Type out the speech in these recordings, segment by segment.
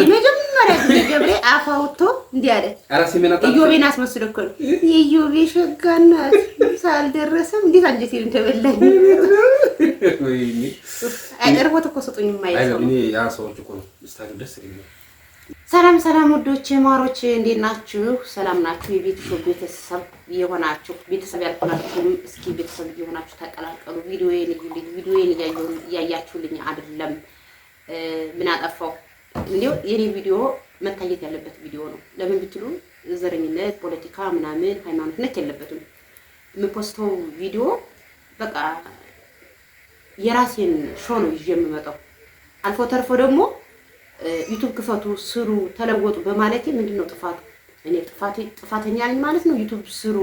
የመጀመሪያ ጊዜ ገብሬ አፍ አውጥቶ እንዲህ አለ። ኢዮቤን አስመስሎ እኮ ነው ሸጋ እናት ሳልደረሰም እንዴት አንጀቴን ተበላኝ። እኮ ሰላም ሰላም፣ ውዶች ማሮች፣ እንዴት ናችሁ? ሰላም ናችሁ? ቤተሰብ የሆናችሁ ቤተሰብ ያልሆናችሁም እስኪ ቤተሰብ ተቀላቀሉ። ቪዲዮዬን እያያችሁልኝ አይደለም ምን አጠፋው እንዲያው የኔ ቪዲዮ መታየት ያለበት ቪዲዮ ነው። ለምን ብትሉ ዘረኝነት፣ ፖለቲካ ምናምን ሃይማኖት ነክ የለበትም። የምፖስተው ቪዲዮ በቃ የራሴን ሾ ነው ይዤ የምመጣው። አልፎ ተርፎ ደግሞ ዩቱብ ክፈቱ፣ ስሩ፣ ተለወጡ በማለቴ ምንድን ነው ጥፋቱ? እኔ ጥፋተኛ ነኝ ማለት ነው? ዩቱብ ስሩ፣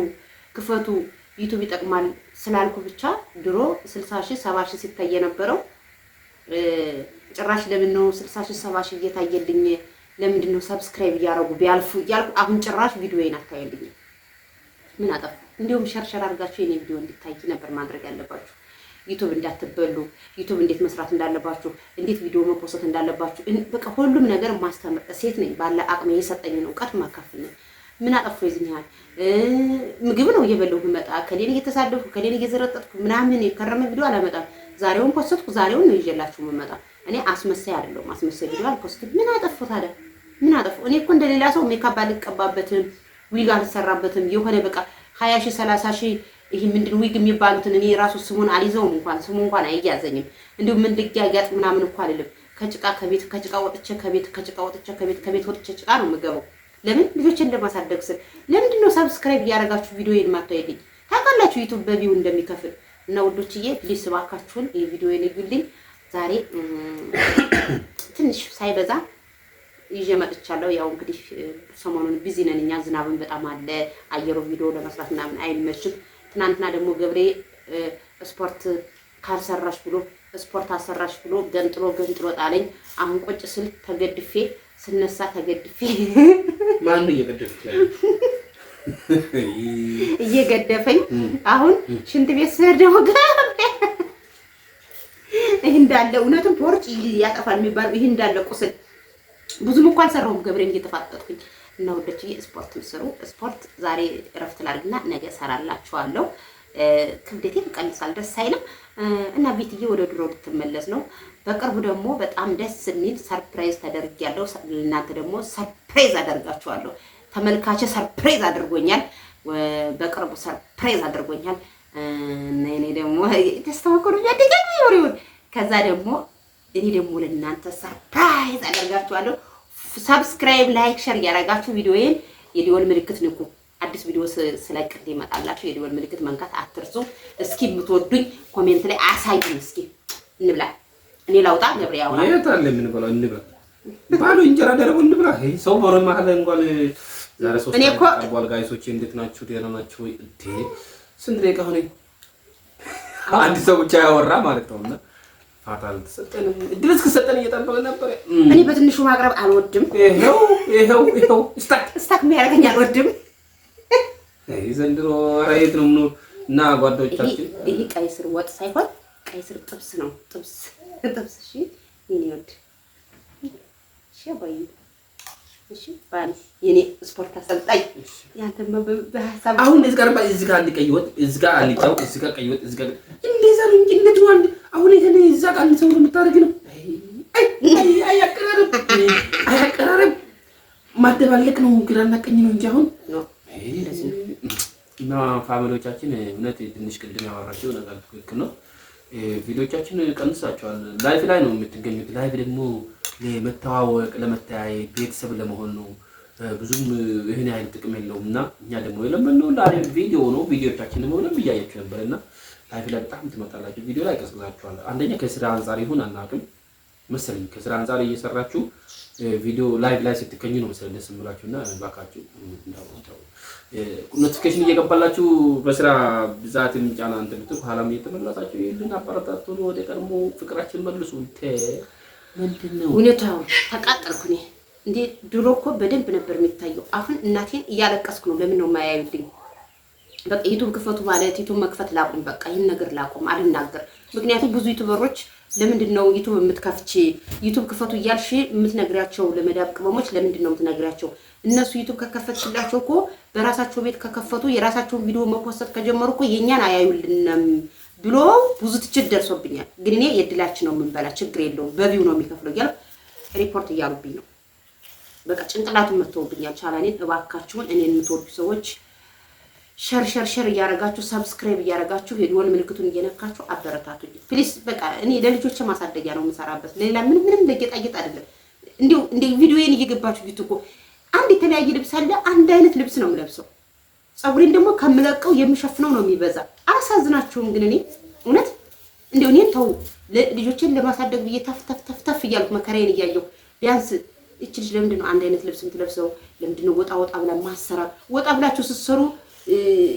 ክፈቱ፣ ዩቱብ ይጠቅማል ስላልኩ ብቻ ድሮ ስልሳ ሺህ ሰባ ሺህ ሲታይ የነበረው ጭራሽ ለምን ነው ስልሳ ሺህ ሰባ ሺህ እየታየልኝ ለምንድን ነው ሰብስክራይብ እያደረጉ ቢያልፉ እያልኩ አሁን ጭራሽ ቪዲዮዬን አታየልኝም። ምን አጠፋ? እንዲሁም ሸርሸር አድርጋችሁ የኔ ቪዲዮ እንዲታይ ነበር ማድረግ ያለባችሁ። ዩቱብ እንዳትበሉ፣ ዩቱብ እንዴት መስራት እንዳለባችሁ፣ እንዴት ቪዲዮ መፖሰት እንዳለባችሁ፣ በቃ ሁሉም ነገር ማስተምር። ሴት ነኝ ባለ አቅሜ የሰጠኝን እውቀት ማካፈል ነው። ምን አጠፎ ይዝን ያህል ምግብ ነው እየበለው መጣ ከሌን እየተሳደብኩ ከሌን እየዘረጠጥኩ ምናምን የከረመ ቪዲዮ አላመጣም። ዛሬውን ፖስትኩ፣ ዛሬውን ነው ይዤላችሁ መመጣ እኔ አስመሳይ አይደለሁም። አስመሳይ ቪዲዮ አልፖስትም። ምን አጠፉ ታዲያ? ምን አጠፉ? እኔ እኮ እንደሌላ ሰው ሜካፕ አልቀባበትም፣ ዊግ አልሰራበትም። የሆነ በቃ ሀያ ሺህ ሰላሳ ሺህ ይሄ ምንድን ዊግ የሚባሉትን እኔ ራሱ ስሙን አልይዘውም እንኳን ስሙ እንኳን አይያዘኝም። እንዲሁም ምን ልጋጋጥ ምናምን እኮ አይደለም። ከጭቃ ከቤት ከጭቃ ወጥቼ ከቤት ከጭቃ ወጥቼ ከቤት ከቤት ወጥቼ ጭቃ ነው የምገባው። ለምን ልጆች ለማሳደግ ስል ለምንድን ነው ሰብስክራይብ እያደረጋችሁ ቪዲዮ የማታዩልኝ? ታውቃላችሁ ዩቱብ በቪው እንደሚከፍል እና ውዶችዬ ፕሊስ እባካችሁን ይህ ቪዲዮ ይልዩልኝ። ዛሬ ትንሽ ሳይበዛ ይዤ መጥቻለሁ። ያው እንግዲህ ሰሞኑን ቢዚ ነን እኛ፣ ዝናብን በጣም አለ፣ አየሩ ቪዲዮ ለመስራት ምናምን አይመችም። ትናንትና ደግሞ ገብሬ ስፖርት ካልሰራሽ ብሎ ስፖርት አሰራሽ ብሎ ገንጥሎ ገንጥሎ ጣለኝ። አሁን ቁጭ ስል ተገድፌ ስነሳ ተገድፌ ማን እየገደፈኝ አሁን ሽንት ቤት ስነር ደግሞ ይህ እንዳለ እውነትም ፖርጭ ያጠፋል የሚባለው ይህ እንዳለ ቁስል ብዙም እኮ አልሰራሁም። ገብሬን እየተፋጠጥኩኝ እና ወደች ስፖርት ስሩ። ስፖርት ዛሬ እረፍት ላድርግና ነገ ሰራላችኋለሁ። ክብደቴ ይቀንሳል፣ ደስ አይልም። እና ቤትዬ ወደ ድሮ ልትመለስ ነው። በቅርቡ ደግሞ በጣም ደስ የሚል ሰርፕራይዝ ተደርጊያለሁ። እናንተ ደግሞ ሰርፕራይዝ አደርጋችኋለሁ። ተመልካቼ ሰርፕራይዝ አድርጎኛል። በቅርቡ ሰርፕራይዝ አድርጎኛል። እኔ ደግሞ ደስታ መኮሮኛ ደገ ይወሪውን ከዛ ደግሞ እኔ ደግሞ ለእናንተ ሰርፕራይዝ አደርጋችኋለሁ። ሰብስክራይብ፣ ላይክ፣ ሸር እያደረጋችሁ ቪዲዮዬን የዲወል ምልክት ንኩ። አዲስ ቪዲዮ ስለቅ ይመጣላችሁ። የዲወል ምልክት መንካት አትርሱ። እስኪ የምትወዱኝ ኮሜንት ላይ አሳዩኝ። እስኪ እንብላ። እኔ ላውጣ ገብሬ ያውራ የታለ የምንበላው እንብላ። ባሉ እንጀራ ደረቡ እንብላ። ሰው በሮ መሀል እንኳን ዛሬ ሶስት እኔ ጋይሶች እንዴት ናችሁ? ደህና ናችሁ? ስንት ደቂቃ ሆነኝ? አንድ ሰው ብቻ ያወራ ማለት ነውና ፋታ ልትሰጠን እድል እስክሰጠን ነበር። እኔ በትንሹ ማቅረብ አልወድም። ስታክ የሚያደርገኝ አልወድም። ዘንድሮ ነው እና ይህ ቀይ ስር ወጥ ሳይሆን ቀይ ስር ጥብስ ነው። ጥብስ ጥብስ። እሺ የኔ ወድ እሺ ባል የኔ ስፖርት አሰልጣኝ በሀሳብ አሁን እዚህ ጋር እዚህ ጋር ወጥ እዚህ ጋር እዚህ ጋር ቀይ ወጥ እዚህ ጋር እንደዛ ነው እንጂ አሁን የተለ እዛ ቃል ሰው የምታደርግ ነው። አያቀራረብ አያቀራረብ ማደባለቅ ነው፣ ግራና ቀኝ ነው እንጂ አሁን እና ፋሚሊዎቻችን እውነት ትንሽ ቅድም ያወራቸው ነገር ትክክል ነው። ቪዲዮቻችን ቀንሳቸዋል። ላይፍ ላይ ነው የምትገኙት። ላይፍ ደግሞ ለመተዋወቅ፣ ለመተያየ ቤተሰብ ለመሆን ነው። ብዙም ይህን ያህል ጥቅም የለውም እና እኛ ደግሞ የለመድነው ቪዲዮ ነው። ቪዲዮቻችን ደግሞ እያያቸው ነበር እና ላይፍ ላይ በጣም ትመጣላችሁ፣ ቪዲዮ ላይ ቀስቅሳችኋል። አንደኛ ከስራ አንጻር ይሁን አናውቅም መሰለኝ ከስራ አንጻር እየሰራችሁ ቪዲዮ ላይቭ ላይ ስትገኙ ነው መሰለኝ ደስ የምላችሁ እና እባካችሁ ኖቲፊኬሽን እየገባላችሁ በስራ ብዛት ጫና እንትን ብትሉ ኋላም እየተመለሳችሁ ይህን አበረታቱን። ወደ ቀድሞ ፍቅራችን መልሱ። ምንድን ነው እውነታው? ተቃጠልኩ እኔ እንዴ! ድሮ እኮ በደንብ ነበር የሚታየው። አሁን እናቴን እያለቀስኩ ነው። ለምን ነው የማያዩልኝ? በቃ ዩቱብ ክፈቱ ማለት ዩቱብ መክፈት ላቁም፣ በቃ ይህን ነገር ላቁም አልናገር። ምክንያቱም ብዙ ዩቱበሮች ለምንድን ነው ዩቱብ የምትከፍች ዩቱብ ክፈቱ እያልሽ የምትነግሪያቸው ለመዳብ ቅመሞች ለምንድን ነው የምትነግሪያቸው? እነሱ ዩቱብ ከከፈትሽላቸው እኮ በራሳቸው ቤት ከከፈቱ የራሳቸውን ቪዲዮ መፖሰት ከጀመሩ እኮ የእኛን አያዩልንም ብሎ ብዙ ትችት ደርሶብኛል። ግን እኔ የድላችን ነው የምንበላ ችግር የለውም በቪው ነው የሚከፍለው እያልኩ ሪፖርት እያሉብኝ ነው። በቃ ጭንቅላቱን መተውብኛል። ቻላኔን እባካችሁን እኔ የምትወዱ ሰዎች ሸር ሸር ሸር እያረጋችሁ ሰብስክራይብ እያረጋችሁ የድወል ምልክቱን እየነካችሁ አበረታቱ ፕሊስ። በቃ እኔ ለልጆች ማሳደጊያ ነው የምሰራበት፣ ሌላ ምንም ምንም ለጌጣጌጥ አይደለም። እንዲሁ እንደ ቪዲዮዬን እየገባችሁ ዩት እኮ አንድ የተለያየ ልብስ አለ። አንድ አይነት ልብስ ነው የምለብሰው። ፀጉሬን ደግሞ ከምለቀው የምሸፍነው ነው የሚበዛ። አላሳዝናችሁም? ግን እኔ እውነት እንዲሁ እኔን ተው፣ ልጆችን ለማሳደግ ብዬ ተፍተፍተፍተፍ ተፍ እያልኩ መከራዬን እያየሁ ቢያንስ እች ልጅ ለምንድን ነው አንድ አይነት ልብስ የምትለብሰው? ለምንድን ነው ወጣ ወጣ ብላ ማሰራር ወጣ ብላችሁ ስትሰሩ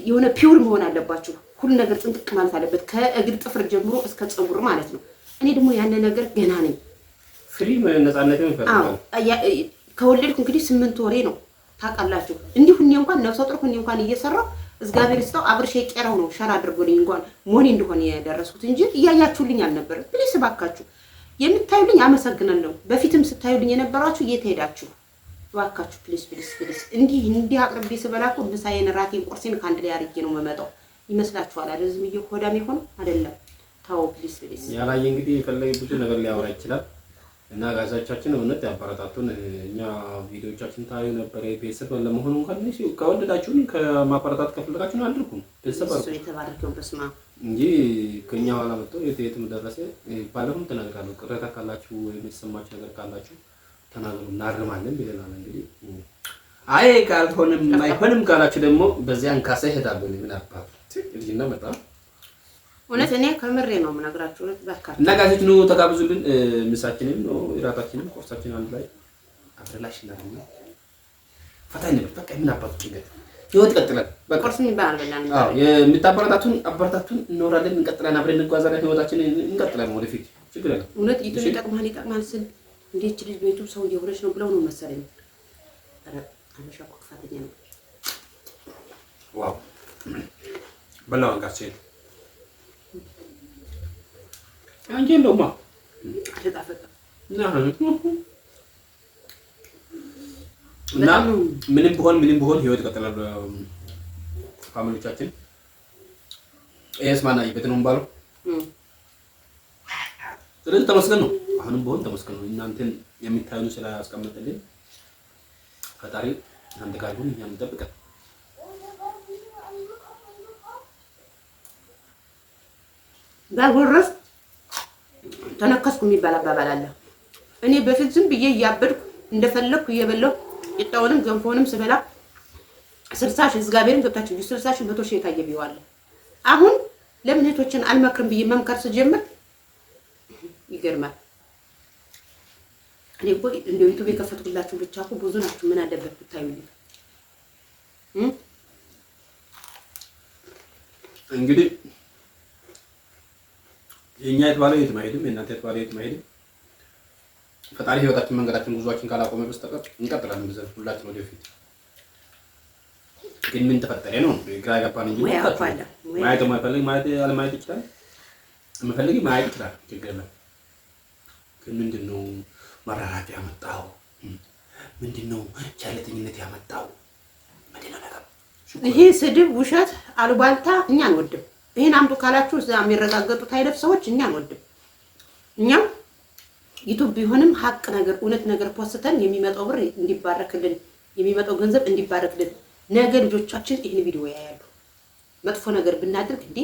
የሆነ ፒውር መሆን አለባችሁ። ሁሉ ነገር ጥንቅቅ ማለት አለበት፣ ከእግር ጥፍር ጀምሮ እስከ ፀጉር ማለት ነው። እኔ ደግሞ ያነ ነገር ገና ነኝ። ፍሪ ከወለድኩ እንግዲህ ስምንት ወሬ ነው ታውቃላችሁ። እንዲሁ እኔ እንኳን ነፍሰ ጡር እኔ እንኳን እየሰራሁ እግዚአብሔር ይስጠው አብርሽ የቀረው ነው ሸር አድርጎልኝ እንኳን ሞኔ እንደሆነ የደረሱት እንጂ እያያችሁልኝ አልነበረ። ፕሊስ እባካችሁ የምታዩልኝ አመሰግናለሁ። በፊትም ስታዩልኝ የነበራችሁ እየተሄዳችሁ እባካችሁ ፕሊስ ፕሊስ ፕሊስ። እንዲህ እንዲህ አቅርቤ ስበላ እኮ ምሳዬን፣ ራቴን፣ ቁርሴን ከአንድ ላይ አድርጌ ነው የምመጣው። ይመስላችኋል አይደል? ዝም ብዬ ሆዳም የሆነ አይደለም። ታው ፕሊስ ፕሊስ። ያላየ እንግዲህ የፈለገ ብዙ ነገር ሊያወራ ይችላል። እና ጋዛቻችን እውነት ያበረታቱን። እኛ ቪዲዮቻችን ታዩ ነበር። የቤተሰብ ለመሆኑ እንኳን ነው ሲው ከወደዳችሁን ከማበረታት ከፈለጋችሁን አድርጉን። ቤተሰብ አድርጉ የተባረከው በስማ እንጂ ከኛ ኋላ መጥቶ የት የትም ደረሰ ባለፈም ተናግራለሁ። ቅሬታ ካላችሁ ወይም የተሰማችሁ ነገር ካላችሁ ተናግሮ እናርማለን ይለናል። እንግዲህ አይ ካልሆንም አይሆንም ካላችሁ ደግሞ በዚያን አንካሳ ይሄዳሉ። ምን አባቱ ልጅና በጣም እውነት እኔ ከምሬ ነው የምነግራችሁ። እውነት በቃ እና ጋዜት ነው ተጋብዙልን። ምሳችንም ነው እራታችንም ቁርሳችን አንድ ላይ አብረላሽ እናርማ ፈታ እንበል። በቃ ምን አባቱ ጭንቀት ህይወት ይቀጥላል። በቃ ቁርስ የሚባል የምታበረታቱን አበረታቱን እንኖራለን፣ እንቀጥላለን፣ አብረን እንጓዛለን፣ ህይወታችንን እንቀጥላለን ወደፊት። ችግር የለም እውነት ይጥሩ ይጠቅማል፣ ይጠቅማል ስል እንዴት ልጅ ቤቱ ሰው እየሆነች ነው ብለው ነው መሰለኝ። አበሻ እኮ ክፋተኛ ነው። ዋው በላው ጋር ሲሄድ አንቺ እንደውማ አልጣፈጠ እና ምንም ቢሆን ምንም ቢሆን ህይወት ይቀጥላል። ፋሚሊዎቻችን ይሄስ ማናይበት ነው የሚባለው። ስለዚህ ተመስገን ነው። አሁንም በሆን ተመስገኑ እናንተን የሚታዩን ስላስቀመጠልን ፈጣሪ እናንተ ጋር ይሁን። እኛም እንጠብቀን ባጎረስ ተነከስኩ የሚባል አባባል አለ። እኔ በፊት ዝም ብዬ እያበድኩ እንደፈለግኩ እየበላሁ ቂጣውንም ገንፎንም ስበላ ስልሳ ሺህ እግዚአብሔርን ገብታችሁ ስልሳ ሺህ መቶ ሺህ የታየ ብየዋለሁ። አሁን ለምን እህቶችን አልመክርም ብዬ መምከር ስጀምር ይገርማል። እኔ እኮ እንደ ዩቱብ የከፈትኩላችሁ ብቻ እኮ ብዙ ናችሁ። ምን አለበት ብታዩ። እንግዲህ የእኛ የተባለው የትም ማሄድም የእናንተ የተባለው የትም አይሄድም። ፈጣሪ ሕይወታችን መንገዳችን ጉዟችን ካላቆመ በስተቀር እንቀጥላለን ብዘን ሁላችን ወደፊት። ግን ምን ተፈጠረ ነው ግራ ገባን እንጂ ማየት የማይፈልግ ማየት አለማየት ይችላል፣ የምፈልግ ማየት ይችላል። ችግር ግን ምንድን ነው መራራት ያመጣው ነው? ቸለተኝነት ያመጣው ምንድነው ነገር? ይሄ ስድብ፣ ውሸት፣ አሉባልታ እኛ አንወድም። ይሄን አምጡ ካላችሁ እዛ የሚረጋገጡት አይነት ሰዎች እኛ አንወድም። እኛ ዩቱብ ቢሆንም ሀቅ ነገር እውነት ነገር ፖስተን የሚመጣው ብር እንዲባረክልን የሚመጣው ገንዘብ እንዲባረክልን ነገ ልጆቻችን ይህን ቪዲዮ ያያሉ። መጥፎ ነገር ብናደርግ እንዴ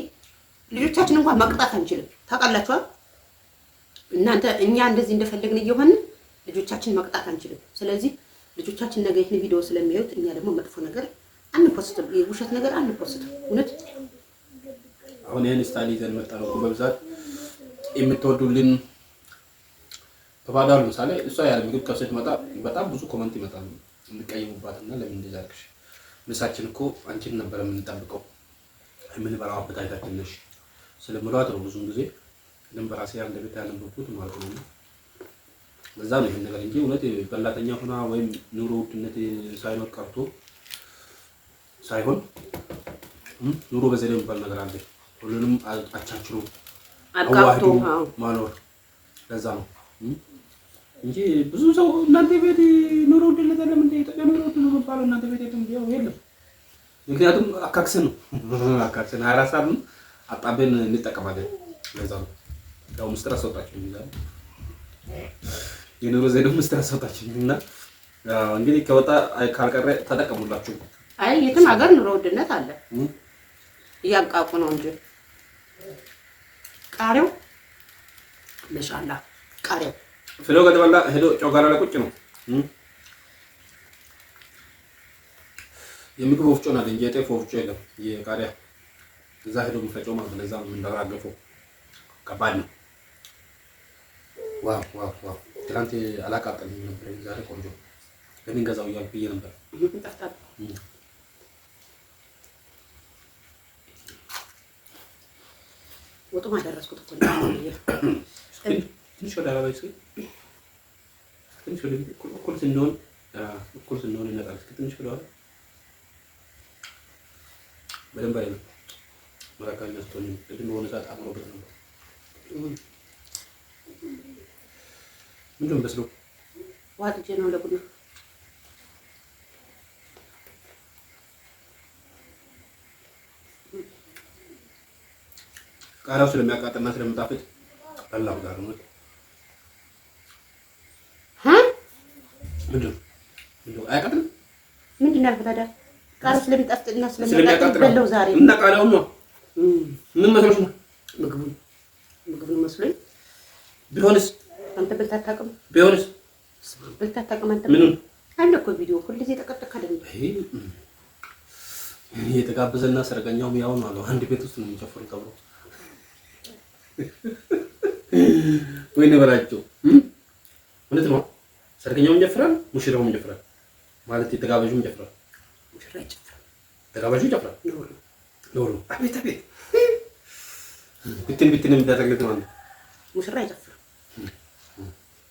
ልጆቻችን እንኳን መቅጣት አንችልም። ታውቃላችኋል እናንተ እኛ እንደዚህ እንደፈለግን እየሆንን ልጆቻችን መቅጣት አንችልም። ስለዚህ ልጆቻችን ነገ ይህን ቪዲዮ ስለሚያዩት እኛ ደግሞ መጥፎ ነገር አንፖስትም፣ የውሸት ነገር አንፖስትም። እውነት አሁን ይህን ስታይል ይዘን መጣ ነው በብዛት የምትወዱልን ተባዳሉ። ምሳሌ እሷ ያለ ምግብ ከሴት መጣ በጣም ብዙ ኮመንት ይመጣል እና ለምን እንደዛ አልክሽ? ምሳችን እኮ አንቺን ነበር የምንጠብቀው የምንበላው አበታታችን ነሽ ስለምሏት ነው ብዙን ጊዜ ልንበራሴ አንድ ቤት ያለንበቡት ማለት ነው። ለዛ ነው ይሄን ነገር እንጂ እውነት በላተኛ ሆና ወይም ኑሮ ውድነት ሳይኖር ቀርቶ ሳይሆን ኑሮ በዘዴ የሚባል ነገር አለ። ሁሉንም አቻችሎ አዋህዶ ማኖር ለዛ ነው እንጂ ብዙ ሰው እናንተ ቤት ኑሮ ውድነት አለ ምን ኢትዮጵያ ኑሮ ውድ ነው የሚባለው እናንተ ቤት የለም፣ የለም። ምክንያቱም አካክሰን ነው አካክሰን ሀያ አራት አጣበን እንጠቀማለን። ለዛ ነው ያው ምስጢር አስወጣችሁ ይላል። የኑሮ ዘይቤ ምስት ያሳጣችኝ እና እንግዲህ ከወጣ ካልቀረ ተጠቀሙላችሁ። አይ የትም ሀገር ኑሮ ውድነት አለ፣ እያንቃቁ ነው እንጂ ቃሪው መሻላ ቃሪው ፍሎ ገደበላ ሄዶ ጮጋራ ላይ ቁጭ ነው። የምግብ ወፍጮ ናት እንጂ የጤፍ ወፍጮ የለም። የቃሪያ እዛ ሄዶ የሚፈጨው ማለት ነው። እዛ የምንደራገፈው ከባድ ነው። ዋው ዋው ዋው ትናንት አላቃጠልኝ ነበር። ዛሬ ቆንጆ ለምን ገዛው እያልኩ ብዬ ነበር። ወጡም ማደረስኩት እኮ ትንሽ ወደ አላባይ ስል ትንሽ ወደ እኩል ስንሆን እኩል ስንሆን ይነቃል። እስኪ ትንሽ ወደ ኋላ በደንብ አይነት መካከል ነስቶኝ ቅድም በሆነ ሰዓት አምሮበት ነበር። ምንድን በስሎ ዋጥጄ ነው ለቡና ቃሪያው ስለሚያቃጥልና ስለሚጣፍጥ በላሁ። ጋር ነው ምንድን ነው ምንድን ነው ስለሚያቃጥል እና ቃሪያውን ነው ምን መስሎሽ ነው ምግቡን ምግቡን ቢሆንስ አንተ በልተህ አታውቅም? ቢሆንስ በልተህ አታውቅም? አንተ ምኑን አለ እኮ ቪዲዮ ሁልጊዜ ጠቀጠቅ አይደለም። የተጋበዘና ሰርገኛውም ያው ነው አሉ። አንድ ቤት ውስጥ ነው የሚጨፍሩት አብሮ። ወይኔ በላቸው። እውነት ነው። ሰርገኛውም ይጨፍራል፣ ሙሽራውም ይጨፍራል። ማለት የተጋባዡም ይጨፍራል፣ ሙሽራው ይጨፍራል፣ ተጋባዡ ይጨፍራል። ኖሮ አቤት አቤት፣ ብትን ብትን የሚደረግለት ማለት ሙሽራ ይጨፍራል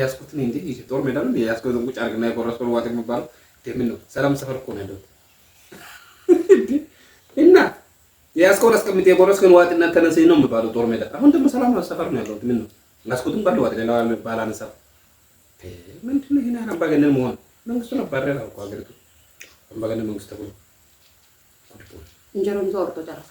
ያስኩትን እንዴ ጦር ሜዳ ነው ያስኩትን ቁጭ አድርግና የጎረስ ዋት የሚባለው ምን ነው? ሰላም ሰፈር እኮ ነው ያለው። እና የያዝከውን አስቀምጥ የጎረስከውን ዋጥ እና ተነስ ነው የሚባለው ጦር ሜዳ። አሁን ደግሞ ሰላም ሰፈር ነው ያለው። ምን ነው ያስኩትን ባለ ዋጥ ሌላ ባል አነሳ ምንድን ነው? ይህን አምባገነን መሆን መንግስቱ ነባረ ነው እኮ ሀገሪቱ አምባገነን መንግስት ተብሎ እንጀራም ዘወርዶ ጨረሳ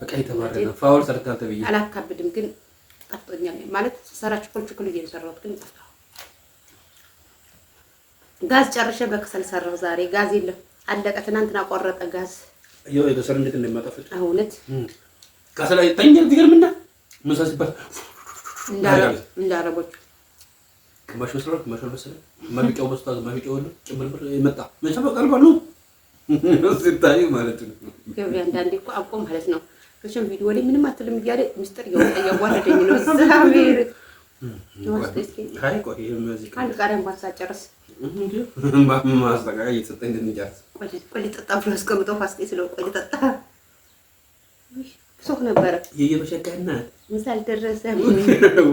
በቃ የተባረከ ፋውል ሰርታል ተብዬ አላካብድም፣ ግን ጠፍቶኛል ማለት ሰራ ችኩል ችኩል እየሰራሁት ግን ጠፍቷል። ጋዝ ጨርሼ በክሰል ሰራሁ ዛሬ። ጋዝ የለም አለቀ። ትናንትና ቆረጠ ጋዝ። ይሄ የተሰራ እንዴት እንደማጠፍጥ እውነት ከሰላ ይተኛል። ትገርምና ምሳ ሲባል እንዳረቦቹ ግማሽ መስሎ ግማሽ አልበሰለ ማቢቂያው በስታ ማቢቂያው ሁሉ ጭምርምር የመጣ መቼ በቀርባሉ ሲታይ ማለት ነው። ገበያ አንዳንዴ እኮ አብቆ ማለት ነው መቼም ቪዲዮ ላይ ምንም አትልም እያለ ሚስጥር እያዋረደኝ ነው። እግዚአብሔር አንድ ቃሪያ እንኳን ሳጨርስ ማስጠቃያ ብሎ አስቀምጦ ፋስጤ ስለው ቆሊ ሶክ ነበረ የየበሸጋና ምሳ አልደረሰም።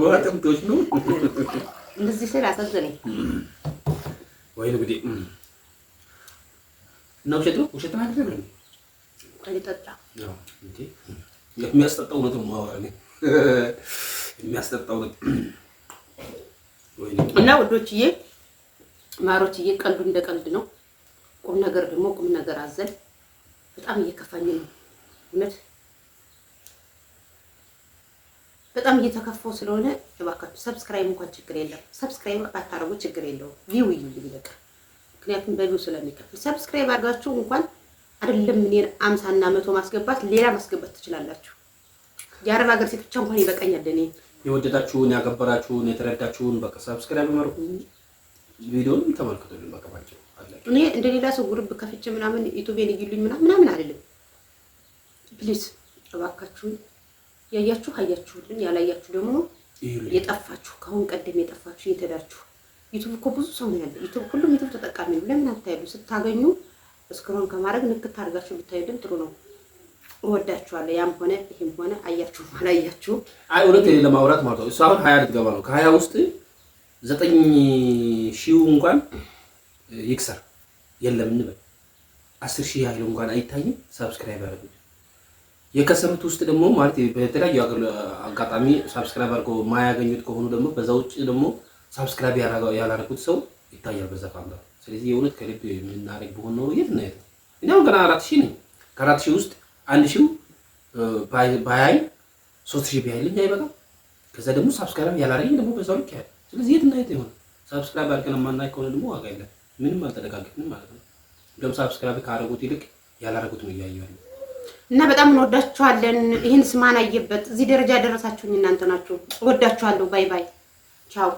ዋጥምቶች ነው እንደዚህ ስል አሳዘነኝ። ወይ እንግዲህ እና ውሸት ነው ውሸት ማለት ነው ጠጣ የሚያስጠጣው ነው ማወራ የሚያስጠጣው ነው። እና ውዶችዬ ማሮችዬ ቀልዱ እንደ ቀልድ ነው። ቁም ነገር ደግሞ ቁም ነገር አዘል በጣም እየከፋኝ ነው እውነት በጣም እየተከፋው ስለሆነ እባካችሁ ሰብስክራይብ እንኳን ችግር የለም። ሰብስክራይብ ባታረጉ ችግር የለውም። ቪው ይልኝ በቃ ምክንያቱም በቪው ስለሚከፍል ሰብስክራይብ አድርጋችሁ እንኳን አይደለም እኔን እና መቶ ማስገባት ሌላ ማስገባት ትችላላችሁ። የአረብ ሀገር ሴት ብቻ እንኳን ይበቃኛል። እኔ የወደዳችሁን ያገበራችሁን የተረዳችሁን በቃ ሰብስክራይብ ማድረጉ ቪዲዮን ተመልክቱልን። በቃ ባጭሩ እኔ እንደ ሌላ ሰው ግሩፕ ከፍቼ ምናምን ዩቲዩብን ይግሉኝ ምናምን ምናምን አይደለም። ፕሊዝ እባካችሁን ያያችሁ አያችሁልን፣ ያላያችሁ ደግሞ የጠፋችሁ ከአሁን ቀደም የጠፋችሁ የተዳችሁ ዩቲዩብ እኮ ብዙ ሰው ነው ያለ። ዩቲዩብ ሁሉም ዩቲዩብ ተጠቃሚ ነው። ለምን አታያሉ ስታገኙ እስከሆን ከማድረግ ንክት አድርጋችሁ ብታዩልን ጥሩ ነው። እወዳችኋለሁ። ያም ሆነ ይህም ሆነ አያችሁም አላያችሁም፣ አይ እውነት ለማውራት ማለት ነው። እሱ አሁን ሀያ ልትገባ ነው። ከሀያ ውስጥ ዘጠኝ ሺው እንኳን ይክሰር የለም እንበል አስር ሺህ ያለው እንኳን አይታይም። ሳብስክራይብ ያደረጉት የከሰሩት ውስጥ ደግሞ ማለት በተለያዩ አጋጣሚ ሳብስክራይብ አድርገው የማያገኙት ከሆኑ ደግሞ በዛ ውጭ ደግሞ ሳብስክራይብ ያላረጉት ሰው ይታያል በዛ ፋንታ ስለዚህ የእውነት ከልብ የምናደርግ ቢሆን ኖሮ የት እና የት ነው። እኔ አሁን ገና አራት ሺህ ነኝ። ከአራት ሺህ ውስጥ አንድ ሺው ባያይ ሶስት ሺህ ቢያይልኝ አይበቃም። ከዛ ደግሞ ሳብስክራይብ ያላረኝ ደግሞ በዛው ልክ ያለ። ስለዚህ የት ነው የት ይሆን? ሳብስክራይብ አድርገን ማናይ ከሆነ ደግሞ ዋጋ የለም፣ ምንም አልተደጋገፍንም ማለት ነው። እንደውም ሳብስክራይብ ካደረጉት ይልቅ ያላረጉት ነው እያየዋለ እና በጣም እንወዳችኋለን። ይህን ስማን አየበት እዚህ ደረጃ ያደረሳችሁኝ እናንተ ናችሁ። እወዳችኋለሁ። ባይ ባይ፣ ቻው